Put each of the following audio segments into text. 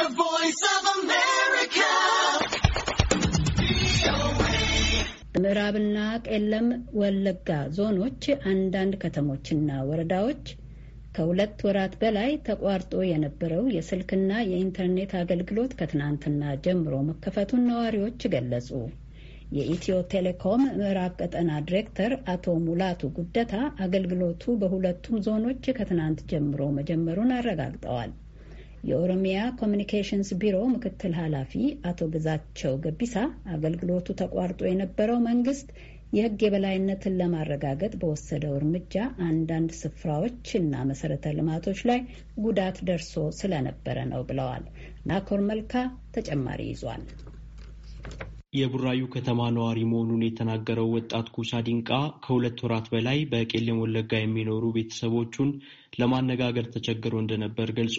The Voice of America. ምዕራብና ቄለም ወለጋ ዞኖች አንዳንድ ከተሞችና ወረዳዎች ከሁለት ወራት በላይ ተቋርጦ የነበረው የስልክና የኢንተርኔት አገልግሎት ከትናንትና ጀምሮ መከፈቱን ነዋሪዎች ገለጹ። የኢትዮ ቴሌኮም ምዕራብ ቀጠና ዲሬክተር አቶ ሙላቱ ጉደታ አገልግሎቱ በሁለቱም ዞኖች ከትናንት ጀምሮ መጀመሩን አረጋግጠዋል። የኦሮሚያ ኮሚኒኬሽንስ ቢሮ ምክትል ኃላፊ አቶ ግዛቸው ገቢሳ አገልግሎቱ ተቋርጦ የነበረው መንግስት የህግ የበላይነትን ለማረጋገጥ በወሰደው እርምጃ አንዳንድ ስፍራዎች እና መሰረተ ልማቶች ላይ ጉዳት ደርሶ ስለነበረ ነው ብለዋል። ናኮር መልካ ተጨማሪ ይዟል። የቡራዩ ከተማ ነዋሪ መሆኑን የተናገረው ወጣት ኩሳ ዲንቃ ከሁለት ወራት በላይ በቄለም ወለጋ የሚኖሩ ቤተሰቦቹን ለማነጋገር ተቸግሮ እንደነበር ገልጾ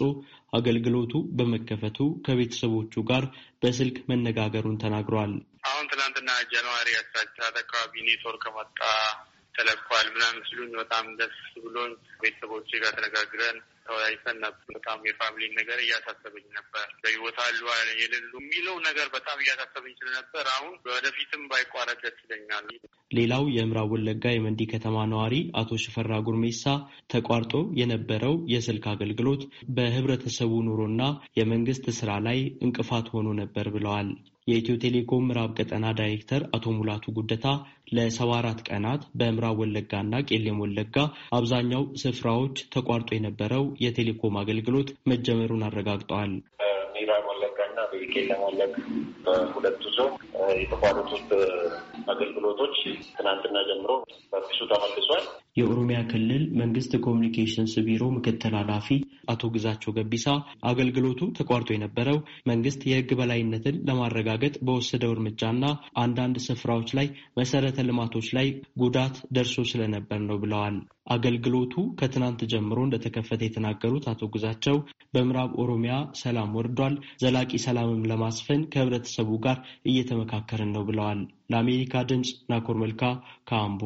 አገልግሎቱ በመከፈቱ ከቤተሰቦቹ ጋር በስልክ መነጋገሩን ተናግሯል። አሁን ትናንትና ጃንዋሪ አስራ አካባቢ ኔትወርክ ከመጣ ተለኳል ምናምን ሲሉኝ በጣም ደስ ብሎኝ ቤተሰቦቼ ጋር ተነጋግረን ተወያይተን ነበር። በጣም የፋሚሊ ነገር እያሳሰበኝ ነበር። በህይወት አሉ የሌሉ የሚለው ነገር በጣም እያሳሰበኝ ስለነበር አሁን ወደፊትም ባይቋረጥ ደስ ይለኛል። ሌላው የምዕራብ ወለጋ የመንዲ ከተማ ነዋሪ አቶ ሽፈራ ጉርሜሳ ተቋርጦ የነበረው የስልክ አገልግሎት በህብረተሰቡ ኑሮና የመንግስት ስራ ላይ እንቅፋት ሆኖ ነበር ብለዋል። የኢትዮ ቴሌኮም ምዕራብ ቀጠና ዳይሬክተር አቶ ሙላቱ ጉደታ ለሰባ አራት ቀናት በምዕራብ ወለጋና ቄሌም ወለጋ አብዛኛው ስፍራዎች ተቋርጦ የነበረው የቴሌኮም አገልግሎት መጀመሩን አረጋግጠዋል። በምዕራብ ወለጋ እና በቄለም ወለጋ በሁለቱ ዞን የተቋረጡት አገልግሎቶች ትናንትና ጀምሮ በፊሱ ተመልሷል። የኦሮሚያ ክልል መንግስት ኮሚኒኬሽንስ ቢሮ ምክትል ኃላፊ አቶ ግዛቸው ገቢሳ አገልግሎቱ ተቋርጦ የነበረው መንግስት የህግ በላይነትን ለማረጋገጥ በወሰደው እርምጃና አንዳንድ ስፍራዎች ላይ መሰረተ ልማቶች ላይ ጉዳት ደርሶ ስለነበር ነው ብለዋል። አገልግሎቱ ከትናንት ጀምሮ እንደተከፈተ የተናገሩት አቶ ግዛቸው በምዕራብ ኦሮሚያ ሰላም ወርዷል፣ ዘላቂ ሰላምም ለማስፈን ከህብረተሰቡ ጋር እየተመካከርን ነው ብለዋል። ለአሜሪካ ድምፅ ናኮር መልካ ከአምቦ